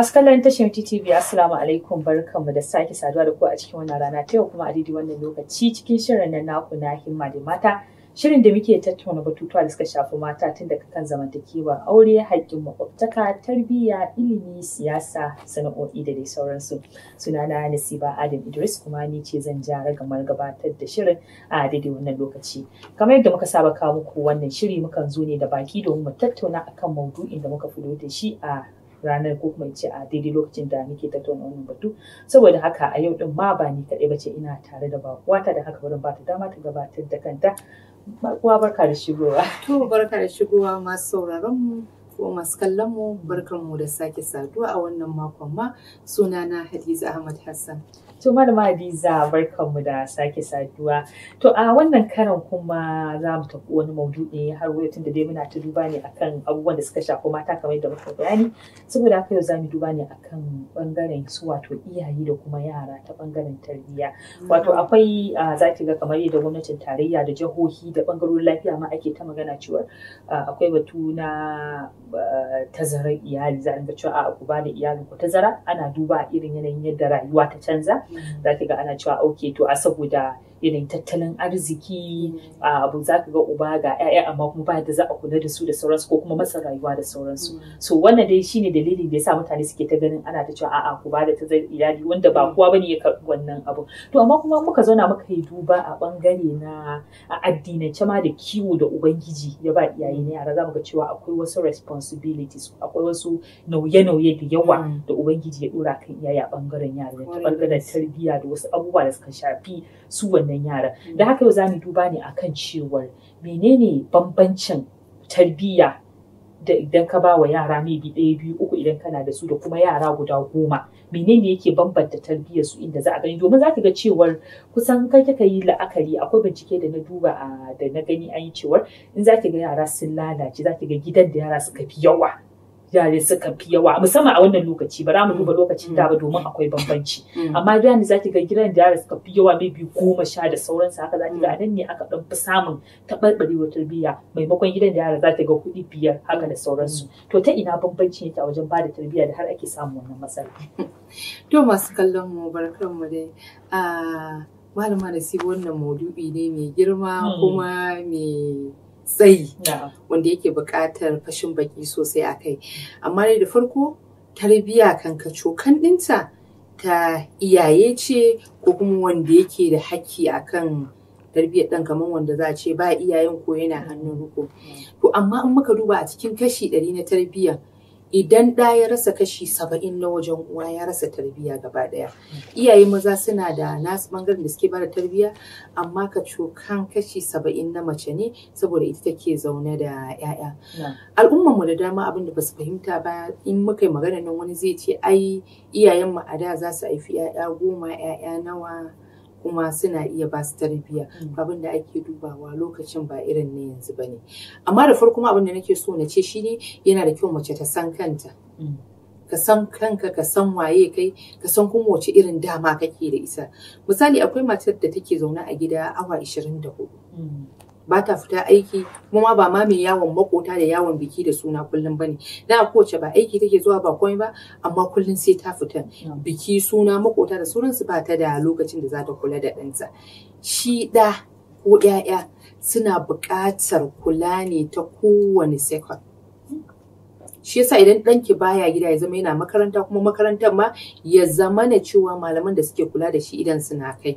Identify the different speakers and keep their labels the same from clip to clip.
Speaker 1: Masu kallon tashar TTV Assalamu alaikum barkanmu da sake saduwa da ku a cikin wannan rana ta yau kuma a daidai wannan lokaci cikin shirin na naku na himma da mata shirin da muke tattauna batutuwa da suka shafi mata tun daga kan zamantakewa aure haƙƙin makwabtaka tarbiyya ilimi siyasa sana'o'i da dai sauransu suna na nasiba adam idris kuma ni ce zan ja ragamar gabatar da shirin a daidai wannan lokaci kamar yadda muka saba kawo muku wannan shiri mukan zo ne da baki domin mu tattauna akan maudu'in da muka fito da shi a ranar ko ce a daidai lokacin da muke tattauna wannan batu saboda haka a yau din ma ba ni kaɗai bace ina tare da bakuwata da haka wurin ba ta dama ta gabatar da kanta bakuwa barka da shigowa
Speaker 2: to barka da shigowa masu sauraron mu ko masu kallon mu barkan mu da sake saduwa a wannan makon ma sunana Hadiza Ahmad Hassan
Speaker 1: To malama barkan mu da sake saduwa. To a wannan karan kuma za mu tafi wani maudu'i har wani tun dai muna ta duba ne akan abubuwan da suka shafi mata kamar yadda muka bayani. Saboda haka yau za mu duba ne akan bangaren su wato iyaye da kuma yara ta bangaren tarbiyya. Wato akwai za ki ga kamar yadda gwamnatin tarayya da jihohi da bangarorin lafiya ma ake ta magana cewa akwai batu na tazarar iyali za a cewa a ku ba da iyali ku tazara ana duba irin yanayin yadda rayuwa ta canza. za ki ga ana cewa oke to a saboda irin tattalin arziki a abu za ka ga uba ga 'ya'ya amma kuma ba da za a kula da su da sauransu ko kuma masa rayuwa da sauransu mm. so wannan dai shine dalilin da yasa mutane suke ta ganin ana ta cewa a'a ku ba da zai iyali wanda ba mm. kowa bane ya karɓi wannan abu to amma kuma muka zauna muka yi duba a bangare na a addinance ma da kiwo da ubangiji ya ba iyaye na mm. yara za mu ga cewa akwai wasu responsibilities akwai wasu
Speaker 2: nauye-nauye
Speaker 1: da yawa da ubangiji ya dora kan iyaye a bangaren yara ta bangaren tarbiyya da wasu abubuwa da suka shafi su wannan waɗannan yara da haka yau za mu duba ne akan cewar menene bambancin tarbiyya da idan ka ba wa yara maybe ɗaya biyu uku idan kana da su da kuma yara guda goma menene yake bambanta tarbiyyar su inda za a gani domin za ka ga cewar kusan kai kika yi la'akari akwai bincike da na duba da na gani an yi cewar in za ki ga yara sun lalace za ki ga gidan da yara suka fi yawa yare suka fi yawa musamman a wannan lokaci ba za mu duba lokacin da ba domin akwai bambanci mm. amma da ne zaki ga gidan da yara suka fi yawa biyu goma sha da sauransu haka zaki ga nan ne aka dan fi samun taɓarɓarewar tarbiyya maimakon gidan da yara zata ga kuɗi biyar haka da sauransu to ta ina
Speaker 2: bambanci ne ta wajen ba da tarbiyya da har ake samu wannan matsala to masu kallon mu barkan mu dai ah, malama da wannan maudu'i ne mai girma mm. kuma mai tsayi wanda yake buƙatar fashin baki sosai a kai amma da farko tarbiyya kan kacokan ɗinta ta iyaye ce ko kuma wanda yake da haƙƙi akan tarbiyyar ɗan kamar wanda za a ce ba iyayen ko yana hannun ruko to amma in muka duba a cikin kashi ɗari na tarbiyyar idan ɗa ya rasa kashi saba'in na wajen uwa ya rasa tarbiyya gaba ɗaya iyaye maza suna da nasu ɓangaren da suke bada tarbiyya amma ka kan kashi saba'in na mace ne saboda ita take zaune da 'ya'ya al'ummar mu da dama abin da basu fahimta ba in muka yi magana nan wani zai ce ai iyayen mu a da za su haifi 'ya'ya goma 'ya'ya nawa kuma suna iya ba su tarbiyya mm. abin da ake dubawa lokacin ba irin na yanzu ba ne amma da farko abin da nake so na ce shine yana da kyau mace ta san kanta mm. ka san kanka ka san waye kai ka san kuma wace irin dama kake da isa misali akwai matar da take zaune a gida awa 24 bata fita aiki kuma ma ba ma mai yawon makota da yawon biki da suna kullum bane da kowace ba aiki take zuwa ba komai ba amma kullum sai ta fita hmm. biki suna makota da sauransu ba ta da lokacin da za ta kula da ɗanta shi ɗa ko ƴaƴa suna buƙatar kula ne ta kowane second shi yasa idan ɗanki baya gida ya zama yana makaranta kuma makarantar ma ya zamana cewa malaman da suke kula da shi idan suna kai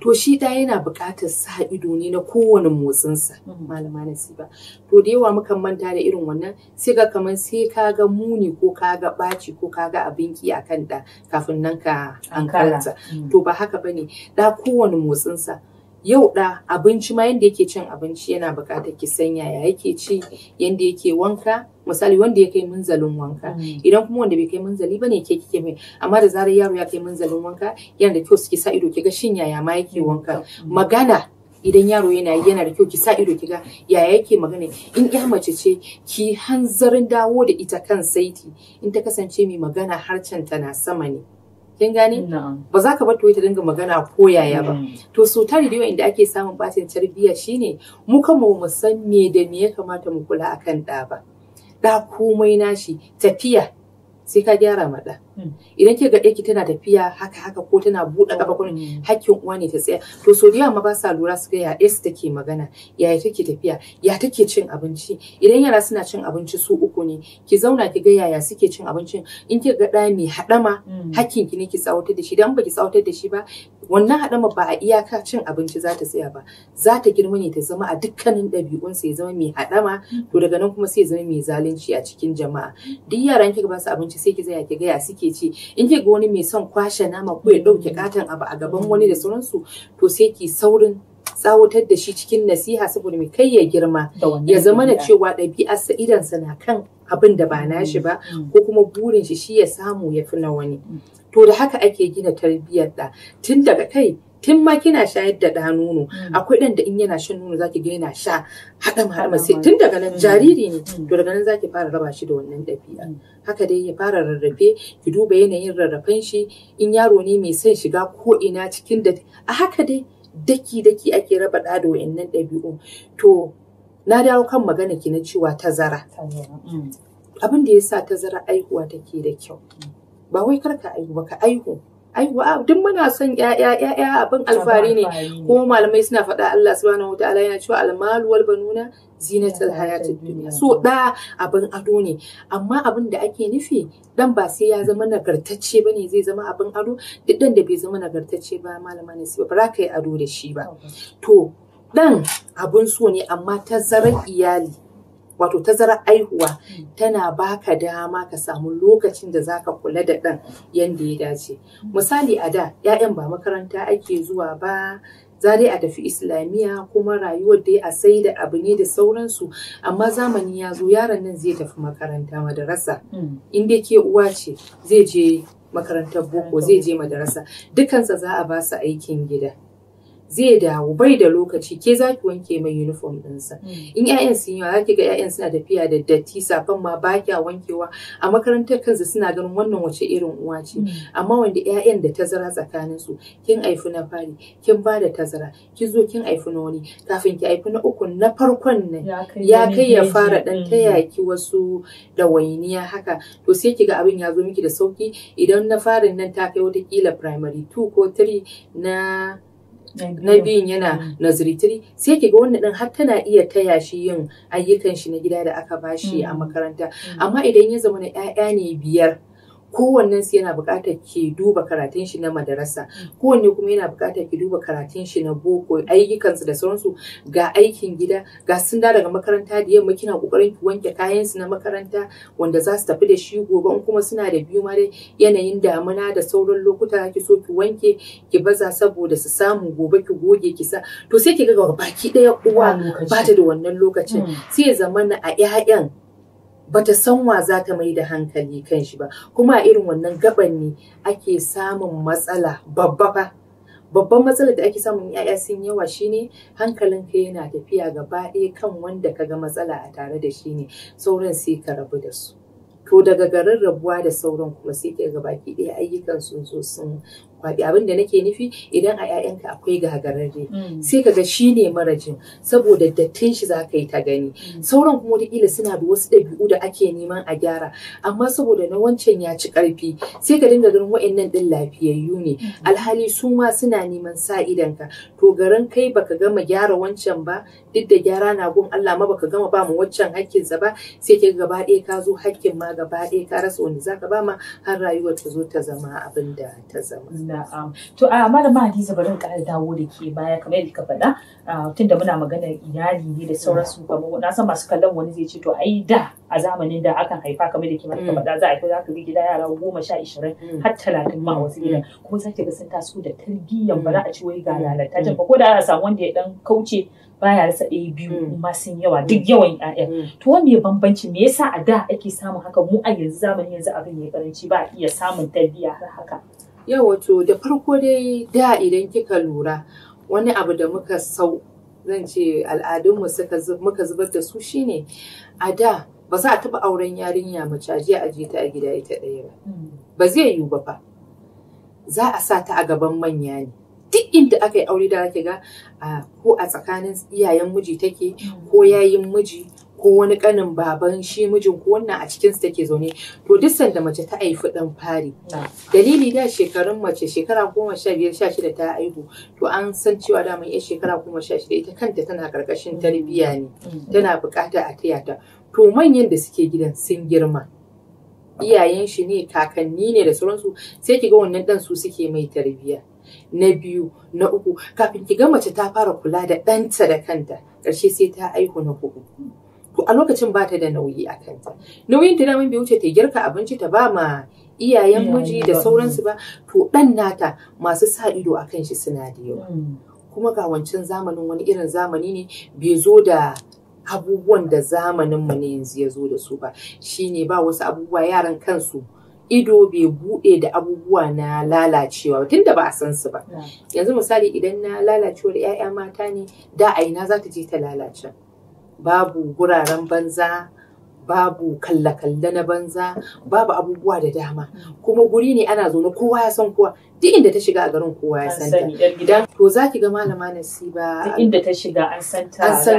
Speaker 2: To shi yana bukatar sa ido ne na kowane motsinsa, mhm. malama na ba. To da yawa muka manta da irin wannan sai ga kamar sai ka ga muni ko ka ga ɓaci ko ka ga abin ki a kan da kafin nan ka an mm. To ba haka bane da kowane motsinsa. yau da abinci ma yanda yake cin abinci yana buƙatar ki sanya ya yake ci yanda yake wanka misali wanda ya kai munzalin wanka mm. idan kuma wanda bai kai munzali bane ke kike mai amma da zarar yaro ya kai munzalin wanka yana da kyau ki sa ido ki shin yaya ma yake mm. wanka mm. magana idan yaro yana yana da kyau ki sa ido ki ga yaya yake magana in ya mace ce ki hanzarin dawo da ita kan saiti in ta kasance mai magana harcen ta na sama ne kin gani ba za ka bato ta dinga magana ko yaya ba mm. to su ta rediyo inda ake samun batin tarbiyya shine mu kanmu mu san me da me ya kamata mu kula akan ɗa ba da komai nashi tafiya sai ka gyara ma Hmm. idan ke ga ki tana tafiya haka haka ko tana buɗe kafa oh, kullum hmm. hakkin uwa ne ta tsaya to so da yamma ba sa lura su ga ya take magana ya take tafiya ya take cin abinci idan yara suna cin abinci su uku ne ki zauna ki ga yaya suke cin abincin in ki ga ɗaya mai haɗama hmm. hakkin ki ne ki tsawatar da shi idan ba ki tsawatar da shi ba wannan haɗama ba a iyaka cin abinci za ta tsaya ba za ta girma ne ta zama a dukkanin ɗabi'unsa ya zama mai haɗama to daga nan kuma sai zama mai zalunci a cikin jama'a duk yaran kika ba su abinci sai ki zaya ki ga ya suke kike ci in ki ga wani mai son kwashe nama ko ya dauke katon abu a gaban wani da sauransu to sai ki saurin tsawatar da shi cikin nasiha saboda mai kai ya girma ya zama na cewa ɗabi'ar sa idansa na kan abin da ba nashi ba mm-hmm. Mm-hmm. ko kuma burin shi shi ya samu ya fi na wani mm-hmm. to da haka ake gina tarbiyyar da tun daga kai tun ma kina shayar da ɗa nono mm. akwai ɗan da in yana shan nono zaki ga yana sha haɗa haɗa sai tun daga nan mm. jariri ne mm. to daga nan zaki fara raba shi da wannan ɗabi'a haka dai ya fara rarrafe ki duba yanayin rarrafen shi in yaro ne mai son shiga ko ina cikin da a haka dai daki daki ake raba ɗa da wa'annan ɗabi'u to na dawo kan magana ki na cewa tazara abin da ya sa tazara aihuwa take da kyau ba wai karka aihu ba ka aihu ai duk muna son ƴaƴa ƴaƴa abin alfari ne kuma malamai suna faɗa Allah subhanahu wataala yana cewa almalu wal banuna zinatul hayatid dunya so da abin ado ne amma abin da ake nufi dan ba sai ya zama nagartacce bane zai zama abin ado duk dan da bai zama nagartacce ba malama ne ba za ka yi ado da shi ba to dan abun so ne amma tazarar iyali wato tazara aihuwa tana baka dama ka samu lokacin da zaka kula da ɗan yadda ya dace misali a da 'ya'yan ba makaranta ake zuwa ba za dai a tafi islamiyya kuma rayuwar dai a sai da abu ne da sauransu amma zamani ya zo yaron nan zai tafi makaranta madarasa hmm. in dai ke uwa ce zai je makarantar boko zai je madarasa dukansa za a ba su aikin gida zai dawo bai da lokaci ke za ki wanke mai uniform ɗinsa hmm. in ƴaƴan sun yawa za ki ga 'ya'yan suna tafiya da datti safan ma ba kya wankewa a makarantar kansa suna ganin wannan wace irin uwa ce hmm. amma wanda 'ya'yan da tazara tsakanin su kin aifi na fari kin ba da tazara ki zo kin aifi na wani kafin ki aifi na uku na farkon ne ya kai ya fara ɗan hmm. ta ki wasu ɗawainiya haka to sai ki ga abin ya zo miki da sauki idan na farin nan ta kai wata kila primary 2 ko 3 na na biyun yana nursery three sai ki ga wannan din har tana iya taya shi yin ayyukan shi na gida da aka bashi a mm. makaranta mm. amma idan ya zama na 'ya'ya ne biyar kowannen su yana buƙatar ki duba karatun shi na madarasa kowanne kuma yana buƙatar ki duba karatun shi na boko ayyukansu da sauransu ga aikin gida ga sun da daga makaranta da yamma kina ƙoƙarin ki wanke kayan su na makaranta wanda za su tafi da shi gobe in kuma suna da biyu ma dai yanayin damuna da sauran lokuta ki so ki wanke ki baza saboda su samu gobe ki goge ki sa to sai ki ga baki ɗaya uwa ba ta da wannan lokacin hmm. sai ya zamana a 'ya'yan bata san wa za ta mai da hankali kan shi ba kuma a irin wannan gaban ne ake samun matsala babba ba. babban matsala da ake samun ya'ya sun yawa shine hankalin ka yana tafiya gaba ɗaya kan wanda ka ga matsala a tare da shi ne sauran sai ka rabu da su to daga garin rabuwa da sauran kuma sai ka ga baki ɗaya ayyukan sun zo sun faɗi abin da nake nufi idan a 'ya'yanka akwai gagararre mm. sai kaga shi ne marajin saboda dattin shi za ka yi ta gani mm. sauran kuma wataƙila suna da wasu ɗabi'u da ake neman a gyara amma saboda na wancan ya ci ƙarfi sai ka dinga ganin wa'innan ɗin lafiyayyu ne mm. alhali su ma suna neman sa idanka to garin kai baka gama gyara wancan ba duk da gyara na gun Allah ma baka gama ba mu waccan hakkin sa ba sai ke gaba ɗaya ka zo hakkin ma gaba ɗaya ka rasa wani zaka ba ma har rayuwar ta zo ta zama abin da ta zama. Na'am. To
Speaker 1: a malama Hadiza bari in ƙara dawo da ke baya kamar yadda ka faɗa tunda muna magana iyali ne da sauransu kamar na san masu kallon wani zai ce to ai da a zamanin da akan haifa kamar da ke ka mm. faɗa za a kai za ka gida yara goma sha ishirin mm. har talatin ma wasu gidan mm. kuma za ki ga sun taso da tarbiyyan ba za a ci wai ga lalata ba ko da a samu wanda ya dan kauce baya rasa ɗaya biyu mm. ma sun yawa duk mm. yawan ƴaƴan mm. to wanda ya bambanci me yasa a da ake samun haka mu a yanzu zamanin
Speaker 2: yanzu abin ya karanci ba a iya samun tarbiyya har haka yawa to da farko dai da idan kika lura wani abu da muka sau zan ce al'adunmu muka zubar da su shine a da ba za a taɓa auren yarinya mace a je a je ta a gida ita ɗaya ba ba zai yiwu ba fa za a sa ta a gaban manya ne duk inda aka yi aure da ake ga ko a tsakanin iyayen miji take mm. ko yayin miji ko wani kanin baban shi mijin ko wannan a cikinsu take zaune to duk sanda mace ta haifi dan fari dalili da shekarun mace shekara goma sha biyar sha shida ta haihu to an san cewa da mai shekara goma sha shida ita kanta tana karkashin tarbiyya ne mm. Mm. tana bukata a taya ta to manyan da suke gidan sun girma iyayen shi ne kakanni ne da sauransu sai ki ga wannan dan su suke mai tarbiyya na biyu na uku kafin ki ga mace ta fara kula da ɗanta da kanta ƙarshe sai ta aihu na huɗu to a lokacin ba ta da nauyi a kanta nauyin ta daman bai wuce ta girka abinci ta ba ma iyayen miji da sauransu ba to ɗan nata masu sa ido a kan shi suna da yawa hmm. kuma ga wancan zamanin wani irin zamani ne bai zo da abubuwan da zamanin mu ne yanzu ya zo da su ba shine ba wasu abubuwa yaran kansu ido bai buɗe da abubuwa na lalacewa tunda ba a san su ba yanzu misali idan na da 'ya'ya mata ne da aina za ta je ta lalace babu guraren banza babu kalle-kalle na banza babu abubuwa da dama kuma guri ne ana zaune kowa ya san kowa duk inda ta shiga a garin kowa ya san ta to za ga malama nasiba duk inda ta shiga an san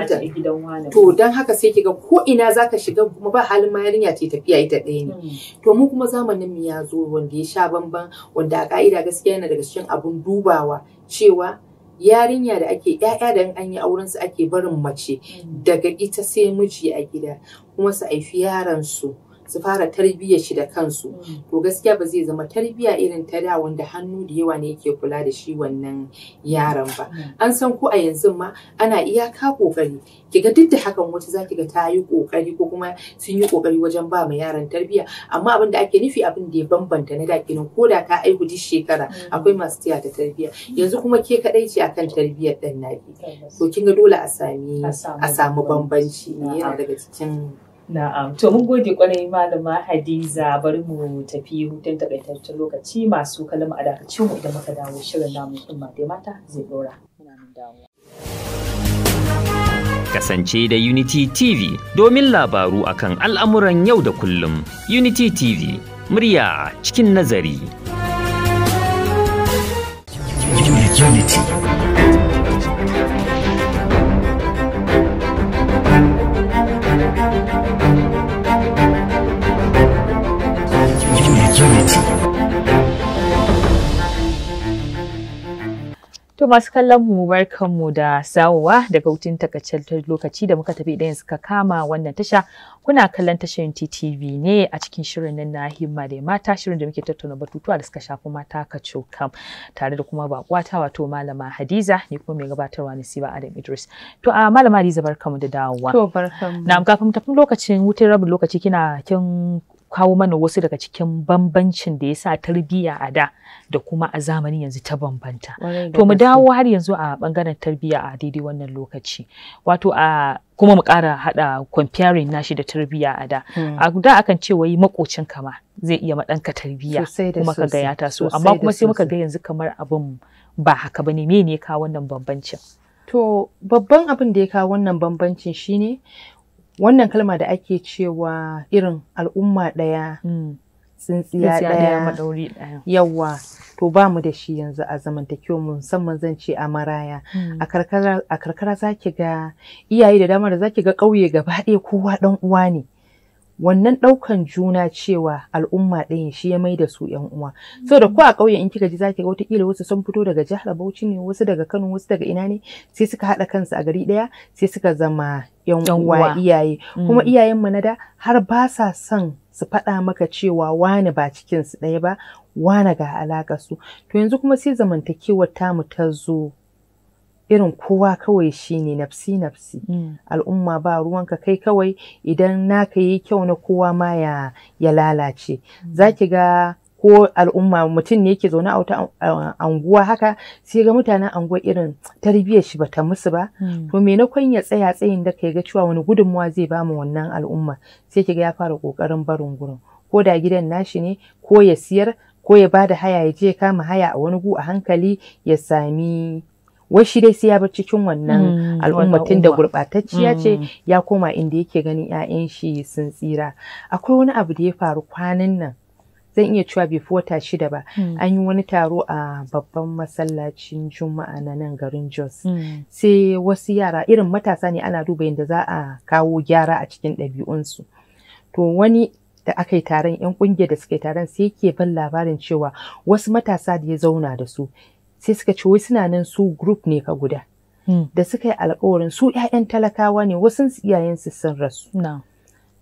Speaker 2: ta gidan wani to dan haka sai ki ga ko ina zaka shiga kuma ba halin ma yarinya ce tafiya ita ɗaya ne hmm. to mu kuma zamanin mu ya zo wanda ya sha bamban wanda a ka'ida gaskiya yana daga cikin abun dubawa cewa yarinya da ake ƴaƴa da an yi auren su ake barin mace mm. daga ita sai miji a gida kuma su haifi yaran su su fara tarbiyyar shi da kansu mm. to gaskiya ba zai zama tarbiyya irin ta da wanda hannu da yawa ne yake kula da shi wannan yaron ba mm. an san ko a yanzu ma ana iyaka kokari kiga duk da hakan wata zaki ga ta yi kokari ko kuma sun yi kokari wajen ba ma yaron tarbiyya amma abin da ake nufi abin da ya bambanta na da kinin ko da ka aihu duk shekara mm. akwai masu tiya ta tarbiyya yanzu kuma ke kadai ce akan tarbiyyar dan nabi to kinga dole a sami a samu bambanci yana daga cikin Na'am, to mun gode kwarai malama
Speaker 1: Hadiza bari mu tafi hutun takaitaccen lokaci masu kalma a dakacin mu idan muka dawo shirin namu ma dai mata zai dora. Kasance da Unity TV domin labaru akan al'amuran yau da kullum. Unity TV, murya cikin nazari. To masu kallon mu mu da sawowa daga hutun takaitaccen lokaci da muka tafi idan suka kama wannan tasha kuna kallon tashar TTV ne a cikin shirin nan na himma da mata shirin da muke tattauna batutuwa da suka shafi mata kacho kam tare da kuma bakwata wato malama Hadiza ne kuma mai gabatarwa Siba Adam Idris. To a malama Hadiza mu da dawowa. To
Speaker 2: barkanmu. Na
Speaker 1: kafin tafi lokacin wutar rabin lokaci kina kin kawo mana wasu daga cikin bambancin da ya sa tarbiyya a da da kuma a zamani yanzu ta bambanta. To mu dawo har yanzu a bangaren tarbiyya a daidai wannan lokaci. Wato a kuma mu ƙara haɗa comparing nashi da tarbiyya a da. Hmm. A da akan ce wai makocin kama zai iya maɗanka tarbiyya kuma ka ga ya taso. Amma kuma sai muka ga yanzu kamar
Speaker 2: abin ba haka bane
Speaker 1: me ya ka wannan bambancin.
Speaker 2: To babban abin da ya kawo wannan bambancin shine wannan kalma da ake cewa irin al'umma ɗaya hmm. tsintsiya ɗaya yawa to ba mu da shi yanzu a zamantakewa musamman zan ce a maraya hmm. a karkara za ga iyaye da damar da zaki ga ƙauye gaba ɗaya kowa ɗan uwa ne wannan ɗaukan juna cewa al'umma ɗaya shi ya maida su yan uwa mm. so da ko a ƙauye in kika ji zaki ga watakila wasu sun fito daga jihar Bauchi ne wasu daga Kano wasu daga ina ne sai suka haɗa kansu a gari ɗaya sai suka zama yan uwa iyaye mm. kuma iyayen mu na da har ba sa son su faɗa maka cewa wani ba cikin su ɗaya ba wani ga alaƙa su to yanzu kuma sai zamantakewar tamu ta zo irin kowa kawai shi ne nafsi nafsi mm. al'umma ba ruwanka kai kawai idan naka yi kyau na kowa ma ya, ya lalace mm. za ki ga ko al'umma mutum ne yake zaune a wata anguwa haka sai ga mutanen anguwa irin tarbiyyar shi ba ta musu ba mm. to me na ya tsaya tsayin da kai ga cewa wani gudunmuwa zai ba mu wannan al'umma sai ki ga ya fara kokarin barin gurin ko da gidan nashi ne ko ya siyar ko ya bada haya ya je kama haya a wani gu a hankali ya sami wai shi dai sai ya bar cikin wannan hmm, al'umma tun da gurɓatacciya ce hmm. ya koma inda yake ganin 'ya'yan shi sun tsira akwai wani abu da ya faru kwanan nan zan iya cewa bai wata shida ba hmm. an yi wani taro a babban masallacin juma'a na nan garin jos sai wasu yara irin matasa ne ana duba yadda za a kawo gyara a cikin ɗabi'unsu to wani da aka yi taron yan kungiyar da suka yi taron sai yake ban labarin cewa wasu matasa da ya zauna da su sai suka ce wai suna nan su group ne ka guda hmm. da suka yi alkawarin su 'ya'yan talakawa ne wasu iyayensu sun rasu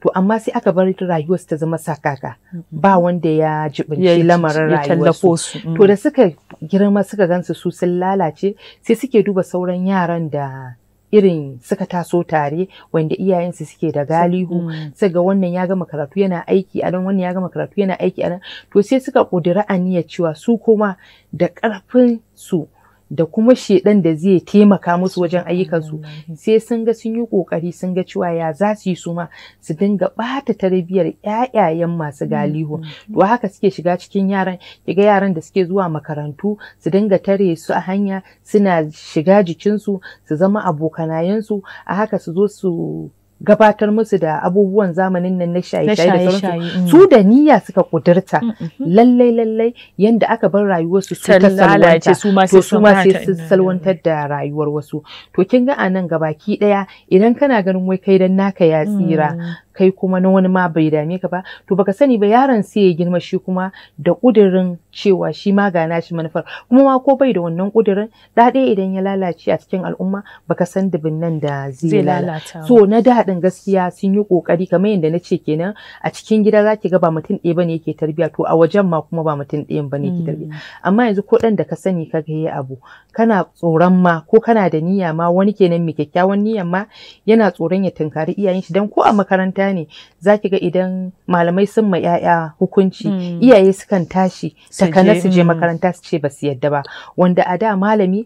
Speaker 2: to amma sai aka bar rayuwarsu ta zama sakaka hmm. ba wanda ya jibinci lamarin rayuwarsu hmm. to da suka girma suka gansu su sun lalace sai suke duba sauran yaran da irin suka taso tare wanda iyayensu suke da galihu mm. sai ga wannan ya gama karatu yana aiki a nan wannan ya gama karatu yana aiki a nan to sai suka ƙudiri aniyar cewa su kuma da ƙarfin su da kuma shedan da zai taimaka musu wajen ayyukansu sai sun ga sun yi kokari sun ga cewa ya za su yi suma su dinga bata tarbiyyar ƴaƴayen masu galihu to mm, mm, mm. haka suke shiga cikin yaran kiga yaran da suke zuwa makarantu su dinga tare su a hanya suna shiga jikinsu su zama abokanayensu a haka su zo su gabatar musu da abubuwan zamanin nan na shaye-shaye da sauransu mm. su da niyya suka kudurta mm-hmm. lallai lallai yanda aka bar rayuwarsu su ta salwanta to su ma sai su salwantar da rayuwar wasu to kin ga anan gabaki daya idan kana ganin wai kai dan naka ya tsira mm. kai kuma na wani ma bai dame ka ba to baka sani ba yaron sai ya girma shi kuma da ƙudirin cewa shi ma ga nashi manufar kuma ma ko bai da wannan ƙudirin da ɗaya idan ya lalace a cikin al'umma baka san dubin nan da zai lalata so na daɗin gaskiya sun yi kokari kamar yadda na ce kenan a cikin gida zaki ga ba mutum ɗaya bane yake tarbiya to a wajen ma kuma ba mutum ɗaya bane yake tarbiya hmm. amma yanzu ko dan da ka sani ka ga abu kana tsoron ma ko kana da niyya ma wani kenan mai kyakkyawan niyyan ma yana tsoron ya tunkari iyayen shi dan ko a makaranta gida ne ki ga idan malamai sun ma yaya hukunci iyaye hmm. iyaye sukan tashi takanar su je hmm. makaranta su ce ba su yadda ba wanda a da malami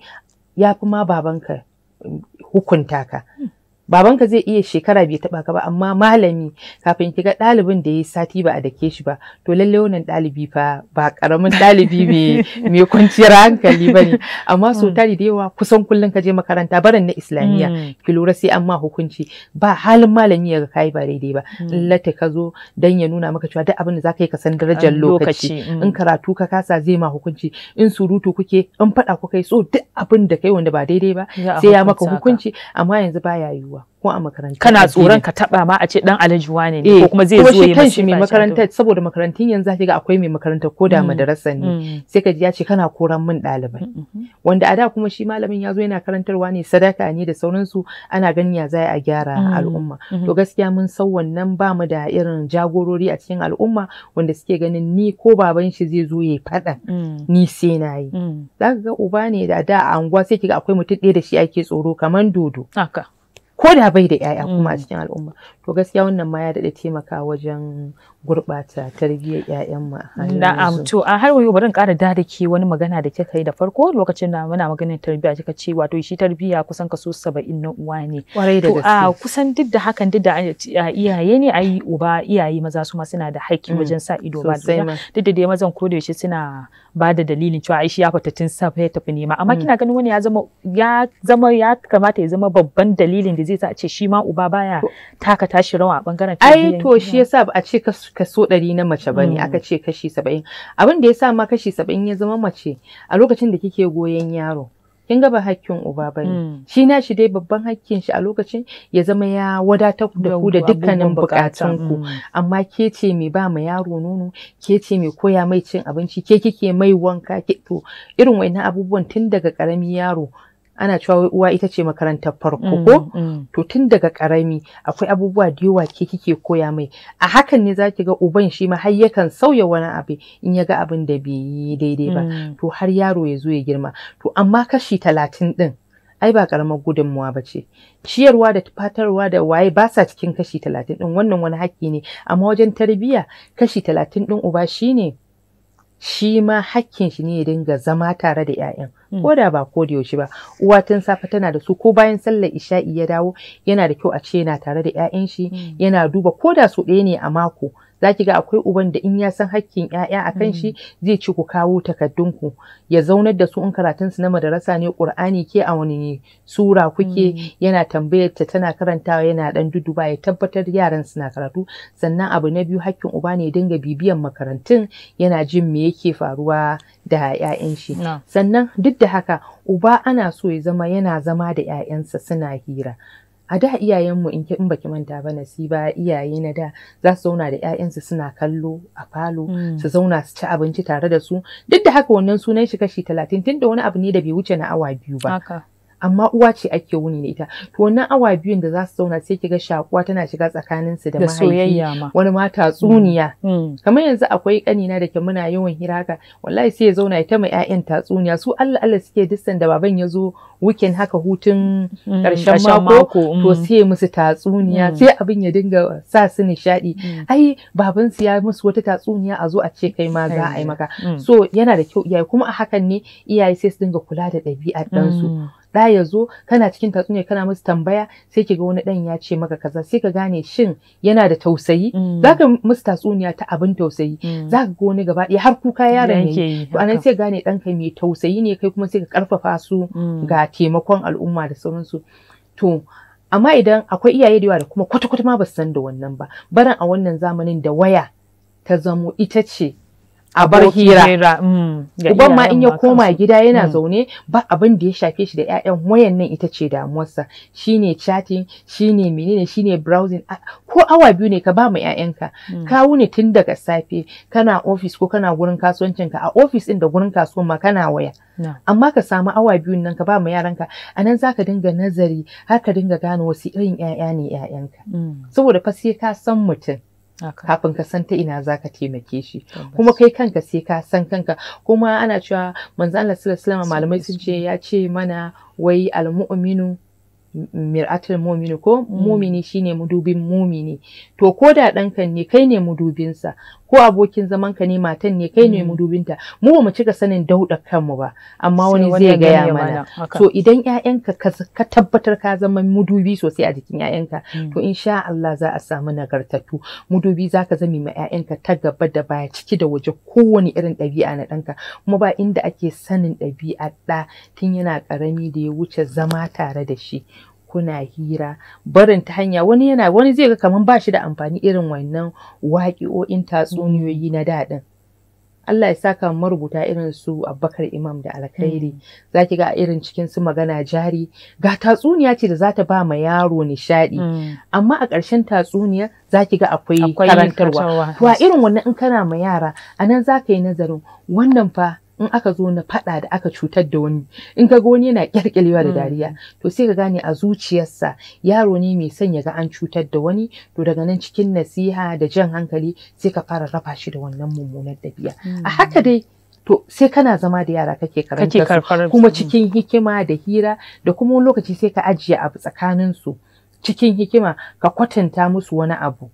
Speaker 2: ya fi ma babanka um, hukunta ka hmm. babanka zai iya shekara bai taba ka ba amma malami kafin kiga ɗalibin da ya sati ba a dake shi ba to lalle wannan ɗalibi fa ba karamin ɗalibi mai kwanciyar hankali ba ne amma so hmm. tari da yawa kusan kullum ka je makaranta barin na islamiyya hmm. ki lura sai an ma hukunci ba halin malami ya ga kai ba daidai ba hmm. lalle ka zo dan ya nuna maka cewa duk abin da zaka yi ka san darajar ah, lokaci in karatu ka kasa zai ma hukunci in surutu kuke in faɗa kuka yi so duk abin da kai wanda ba daidai ba sai ya maka hukunci amma yanzu baya yiwuwa faruwa ko a makaranta kana tsoron ka taba ma a ce dan alajuwa ne eh, ko kuma zai zo ya masifa mai makaranta saboda makarantun yanzu zaki ga akwai mai makaranta ko da mm, madarasa ne mm. sai ka ji ya ce kana koran mun ɗalibai mm, wanda a da kuma shi malamin ya zo yana karantarwa ne sadaka ne da sauransu ana ganin ya za a gyara al'umma to gaskiya mun san wannan ba mu da irin jagorori a cikin al'umma wanda suke ganin ni ko baban shi zai zo ya faɗa ni sai na yi zaka ga uba ne da da a anguwa sai kiga akwai mutum ɗaya da shi ake tsoro kamar dodo ko da bai da 'ya'ya kuma a mm. cikin al'umma to gaskiya wannan ma ya daɗe taimaka wajen gurɓata tarbiyyar 'ya'yan mu na'am to a har wayo bari ƙara da ke wani magana da kika yi da
Speaker 1: farko lokacin da muna maganar tarbiyya kika ce wato shi tarbiyya kusan kaso 70 na uwa ne Ƙwarai da gaske kusan duk da hakan duk da iyaye ne ayi uba iyaye maza su ma suna da haƙƙi mm. wajen sa ido ba duk da dai mazan ko da yaushe suna ba da dalilin cewa ai shi ya fita tun safe ya tafi nema amma mm. kina ganin wani ya zama ya zama ya kamata ya zama babban dalilin da zai sa
Speaker 2: a ce shi ma uba baya taka tashi rawa a bangaren ai to shi yasa a ce kaso ɗari na mace bane mm. aka ce kashi saba'in abin da yasa ma kashi saba'in ya zama mace a lokacin da kike goyon yaro kin ga ba hakkin uba bane mm. shi na shi dai babban hakkin shi a lokacin ya zama ya wadatar da ku da dukkanin bukatun ku mm. amma ke ce me ba ma yaro nono ke ce me koya mai cin abinci ke kike mai wanka ke to irin wayannan abubuwan tun daga karami yaro ana cewa wai uwa ita ce makarantar farko mm, ko mm. to tun daga karami akwai abubuwa da yawa ke kike koya mai a hakan ne zaki ga uban shi ma har yakan sauya wani abu in ya ga abin da bai yi daidai ba mm. to har yaro ya zo ya girma to amma kashi talatin din ai ba karamar gudunmuwa ba ce ciyarwa da tufatarwa da waye ba sa cikin kashi talatin din wannan wani haƙƙi ne amma wajen tarbiyya kashi talatin din uba shine ne shi ma hakkin shi ne ya dinga zama tare da 'ya'yan mm. ko da ba ko da yaushe ba uwa tun safe tana da su ko bayan sallar isha'i ya dawo yana da kyau a ce yana tare da 'ya'yan shi mm. yana duba ko da su ɗaya ne a mako za ki ga akwai uban da in ya san hakkin ƴaƴa a kan shi mm. zai ci ku kawo takaddunku. ya zaunar da su in karatun su na madarasa ne qur'ani ke a wani sura kuke mm. yana tambayar ta tana karantawa yana dan duduba ya tabbatar yaran suna karatu sannan abu na biyu hakkin uba ne dinga bibiyan makarantun yana jin me yake faruwa da ƴaƴan shi sannan duk da haka uba ana so ya zama yana zama da ƴaƴansa suna hira a da iyayenmu in in baki manta ba nasiba iyaye na da za su zauna da ƴaƴansu suna kallo a falo mm. su zauna su ci abinci tare da su duk da haka wannan sunan shi kashi talatin tunda wani abu ne da bai wuce na awa biyu ba amma uwa ce ake wuni da ita to wannan awa biyun da za su zauna sai kiga shakuwa tana shiga tsakanin su da mahaifi wani ma tatsuniya mm. Mm. kamar yanzu akwai kanina da ke muna yawan hira haka wallahi sai ya zauna ita mai 'ya'yan ƴaƴan tatsuniya su Allah Allah suke dissan da baban ya zo weekend haka hutun mm. ƙarshen mako to sai musu tatsuniya sai abin ya dinga sa su nishaɗi ai baban su ya musu wata tatsuniya a zo a ce kai ma za a yi maka so yana da kyau iyaye kuma a hakan ne iyaye sai su dinga kula da ɗabi'ar ɗansu da ya zo kana cikin tatsuniya kana musu tambaya sai ki ga wani dan ya ce maka kaza sai ka gane shin yana da tausayi mm. zaka musu tatsuniya ta abin tausayi mm. zaka ga wani gaba ɗaya har kuka yaron ne to anan sai gane ɗanka mai tausayi ne kai kuma sai ka karfafa su mm. ga taimakon al'umma da sauransu to amma idan akwai iyaye da yawa da kuma kwata-kwata ma ba su san da wannan ba barin a wannan zamanin da waya ta zamo ita ce a bar hira
Speaker 1: mm, uban ma in ya
Speaker 2: koma gida yana mm. zaune ba abin da ya shafe shi da ƴaƴan wayan nan ita ce damuwarsa shine chatting shine menene shine browsing ko awa biyu ne ka ba mu ƴaƴanka mm. ka wuni tun daga safe kana office ko kana gurin kasuwancinka a ofis din da gurin kasuwan ma kana waya amma ka samu awa biyun nan ka ba mu yaranka a nan za ka dinga nazari har ka dinga gane wasu irin ƴaƴa ne ƴaƴanka saboda fa sai ka san mutum kafin ka san ta ina zaka taimake shi kuma kai kanka sai ka san kanka kuma ana cewa manzo Allah sallallahu alaihi malamai sun ce ya ce mana wai almu'minu mir'atul mumini ko mm. mumini shine mudubin mumini to ko da ɗanka ne kai ne mudubinsa ko abokin zaman ka ne matan ne kai ne mm. mudubinta mu ba mu cika sanin dauda kanmu ba amma wani zai gaya mana to idan ƴaƴanka ka tabbatar ka zama mudubi sosai a jikin ƴaƴanka mm. to insha Allah za a samu nagartattu mudubi za zaka zami ma ƴaƴanka ta gaba da baya ciki da waje kowane irin ɗabi'a na ɗanka kuma ba inda ake sanin ɗabi'a ɗa tun yana ƙarami da ya wuce zama tare da shi kuna hira barin ta hanya wani yana wani zai ga kaman ba shi da amfani irin wannan waƙi'o'in tatsuniyoyi na daɗin Allah ya saka marubuta irin su Abubakar Imam da Alkhairi mm. zaki ga irin cikin su magana jari ga tatsuniya ce da za ta ba ma yaro nishaɗi. Mm. amma a ƙarshen tatsuniya zaki ga akwai karantarwa to a irin wannan in kana ma yara anan zaka yi nazarin wannan fa in aka zo na faɗa da aka cutar da wani in ka ga wani yana kyalkyalewa da mm. dariya to sai ka gane a zuciyarsa yaro ne mai son ya ga an cutar da wani to daga nan cikin nasiha da jan hankali sai ka fara raba shi da wannan mummunar dabi'a a mm. haka dai to sai kana zama da yara kake karanta kuma cikin hikima da hira da kuma wani lokaci sai ka ajiye abu tsakanin su cikin hikima ka kwatanta musu wani abu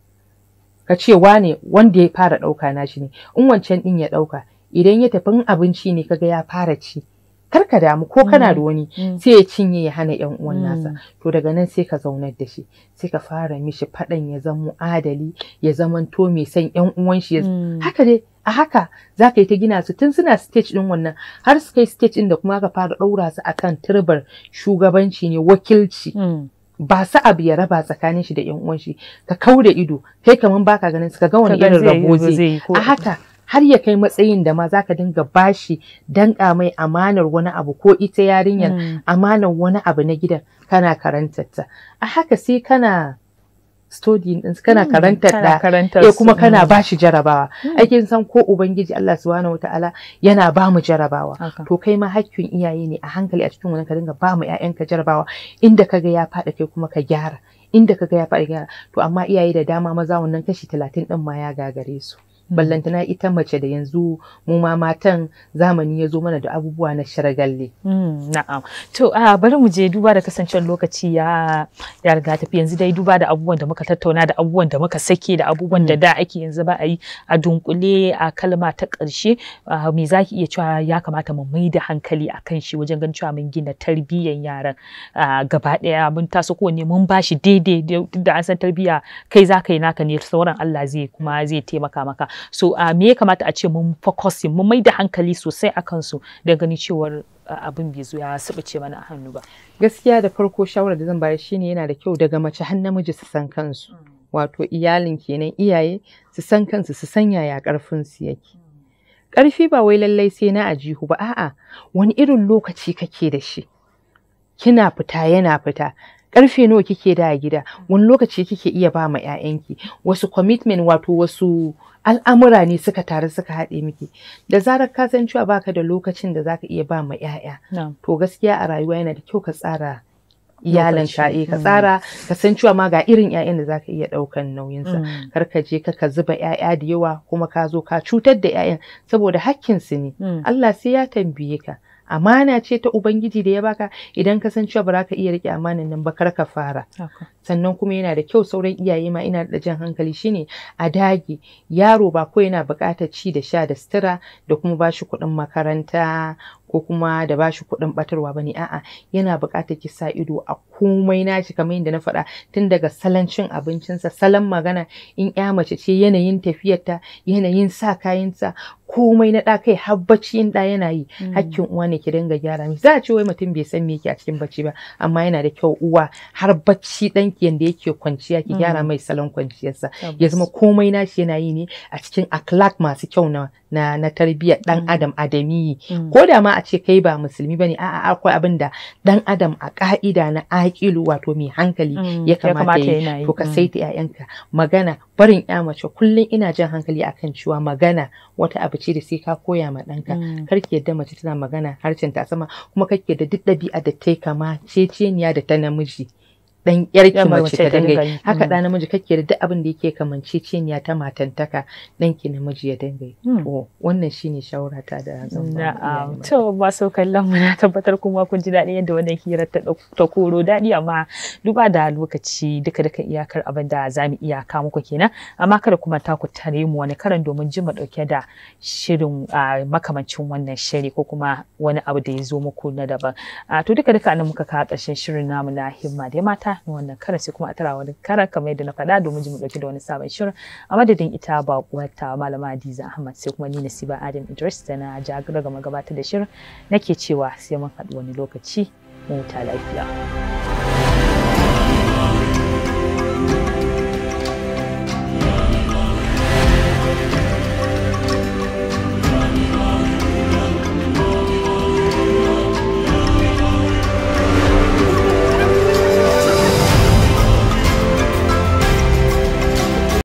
Speaker 2: ka ce wane wanda ya fara ɗauka na shi ne in wancan ɗin ya ɗauka idan ya tafi abinci ne kaga ya fara ci kar ka damu ko kana mm, da wani mm. sai ya cinye ya hana yan uwan mm. nasa to daga nan sai ka zaunar da shi sai ka fara mishi fadan ya zama adali ya zama to mai san yan uwan shi haka dai a haka za ka yi ta gina su tun suna stage din wannan har su kai stage din da kuma ka fara ɗaura su akan turbar shugabanci ne wakilci ba su abu ya raba tsakanin shi da yan uwan shi ka kaure ido kai kaman baka ganin su ka ga wani irin rabo zai a haka har ya kai matsayin da ma zaka dinga bashi danka mai amanar wani abu ko ita yarinyar hmm. amanar wani abu na gidan kana karantarta a haka sai kana study din kana hmm, karantar da eh kuma kana hmm. bashi jarabawa ake san ko ubangiji Allah subhanahu wataala yana ba mu jarabawa to kai ma hakkin iyaye ne a hankali a cikin wannan ka dinga ba mu ƴaƴanka jarabawa inda kaga ya faɗa kai kuma ka gyara inda kaga ya faɗa gyara to amma iyaye da dama maza wannan kashi talatin din ma ya gagare su Hmm. ballantana ita mace da yanzu mu ma matan zamani ya zo mana da abubuwa na sharagalle. Hmm, na'am. To a bari mu je duba da kasancewar lokaci ya ya tafi
Speaker 1: yanzu dai duba da abubuwan da muka tattauna da abubuwan da muka sake da abubuwan da hmm. da ake yanzu ba a yi a dunkule a kalma ta ƙarshe me za ki iya cewa ya kamata mu mai da hankali a kan shi wajen ganin cewa mun gina tarbiyyar yaran gaba ɗaya mun taso kowanne mun bashi shi daidai da an san tarbiyya kai za ka yi naka ne sauran Allah zai kuma zai taimaka maka so uh, me ya kamata a ce mun focusing mun mai da hankali sosai a kansu don gani cewar
Speaker 2: uh, abin bai zo ya sabace mana a hannu ba gaskiya da farko shawarar da zan bayar shine yana da kyau daga mace har namiji su san kansu mm. wato iyalin kenan iyaye su san kansu su san yaya karfin su yake karfi mm. ba wai lallai sai na ajihu ba a'a wani irin lokaci kake da shi kina fita yana fita karfe nawa kike da a gida mm. wani lokaci kike iya ba ma 'ya'yanki wasu commitment wato wasu al'amura ne suka tare suka haɗe miki da zarar ka san cewa baka da lokacin da zaka iya ba ma 'ya'ya to gaskiya a rayuwa yana da kyau ka tsara iyalan ka eh ka mm. tsara ka san cewa ma ga irin ƴaƴan da zaka iya ɗaukan nauyin sa mm. kar ka je ka zuba ƴaƴa da yawa kuma ka zo ka cutar da ƴaƴan saboda hakkin su ne Allah sai ya tambaye ka amana ce ta ubangiji da ya baka idan ka san cewa ba za ka iya rike amanan nan ba kar ka fara sannan kuma yana da kyau sauran iyaye ma ina da jan hankali shine a dage yaro ba ko yana bukatar ci da sha da sutura da kuma bashi kuɗin makaranta ko kuma da ba shi kuɗin batarwa bane a'a yana buƙatar ki sa ido a komai nashi kamar yadda na faɗa tun daga salon cin abincinsa salon magana in ya mace ce yanayin tafiyarta yanayin sa kayansa komai na ɗa kai har bacci in ɗa yana yi mm. hakkin uwa ne ki dinga gyara mi za a ce wai mutum bai san me yake a cikin bacci ba amma yana da kyau uwa har bacci ɗanki yanda yake kwanciya ki gyara mm. mai salon kwanciyarsa ya zama komai nashi yana yi ne a cikin akhlaq masu kyau na na na tarbiyyar dan mm. adam adami mm. ko da ma a ce kai ba musulmi bane a'a akwai abin da dan adam a ka'ida na aqilu wato mai hankali mm, ya kamata yi to ka saita ƴaƴanka magana barin ya mace kullum ina jan hankali akan cewa magana wata abu ce da sai ka koya ma ɗanka kar ki yadda mace tana magana harshen ta sama kuma kake da duk ɗabi'a da ta kama ceceniya da ta namiji dan ki mace ta dinga haka da mm. namiji kake da duk abin da yake kamanceceniya ta matantaka danki namiji ya dinga mm. to wannan shine shawara ta da
Speaker 1: na'am to so kallon mu na tabbatar kuma kun ji daɗin yadda wannan hirar ta koro dadi amma duba da lokaci duka duka iyakar abin da zamu iya ka muku kenan amma kada kuma ta ku tare mu wani karan domin jima dauke da shirin makamancin wannan shiri ko kuma wani abu da ya zo muku na daban to duka duka nan muka kawo karshen shirin namu na himma da mata mata na wannan karan sai kuma a tara wani kara kamar yadda na faɗa domin jin mu da wani sabon shirin a madadin ita ba ta malama Hadiza Ahmad sai kuma ni Nasiba Adam Idris da na jagora ga magabata da shirin nake cewa sai mun haɗu wani lokaci mu huta lafiya.